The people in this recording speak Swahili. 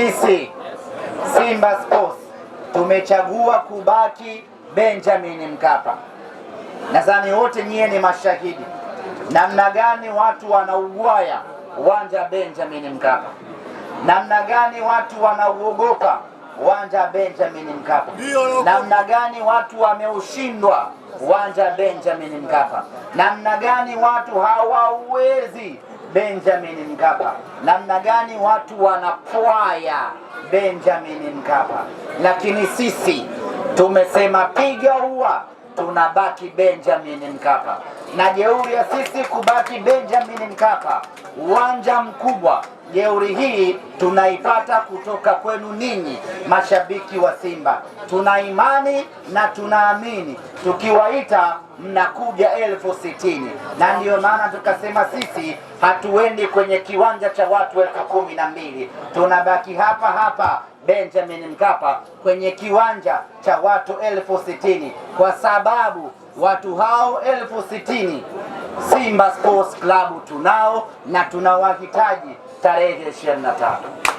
Sisi Simba Sports tumechagua kubaki Benjamin Mkapa. Nadhani wote nyie ni mashahidi namna gani watu wanaugwaya uwanja Benjamin Mkapa, namna gani watu wanauogopa uwanja Benjamin Mkapa, namna gani watu wameushindwa uwanja Benjamin Mkapa. Namna gani watu hawawezi Benjamin Mkapa, namna gani watu wanapwaya Benjamin Mkapa, lakini sisi tumesema piga huwa tunabaki Benjamin Mkapa, na jeuri ya sisi kubaki Benjamin Mkapa, uwanja mkubwa Jeuri hii tunaipata kutoka kwenu ninyi mashabiki wa Simba. Tuna imani na tunaamini, tukiwaita mnakuja elfu sitini na ndiyo maana tukasema sisi hatuendi kwenye kiwanja cha watu elfu kumi na mbili tunabaki hapa hapa Benjamin Mkapa kwenye kiwanja cha watu elfu sitini kwa sababu watu hao elfu sitini Simba Sports Club tunao na tunawahitaji tarehe 25.